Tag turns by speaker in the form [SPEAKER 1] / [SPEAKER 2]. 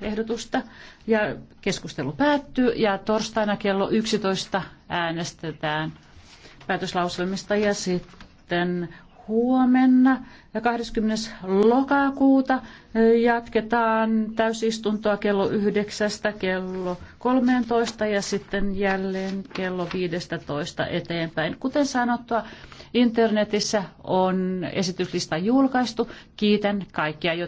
[SPEAKER 1] ehdotusta. Ja keskustelu päättyy ja torstaina kello 11 äänestetään päätöslauselmista ja sitten huomenna ja 20. lokakuuta jatketaan täysistuntoa kello 9 kello 13 ja sitten jälleen kello 15 eteenpäin. Kuten sanottua, internetissä on esityslista julkaistu. Kiitän kaikkia,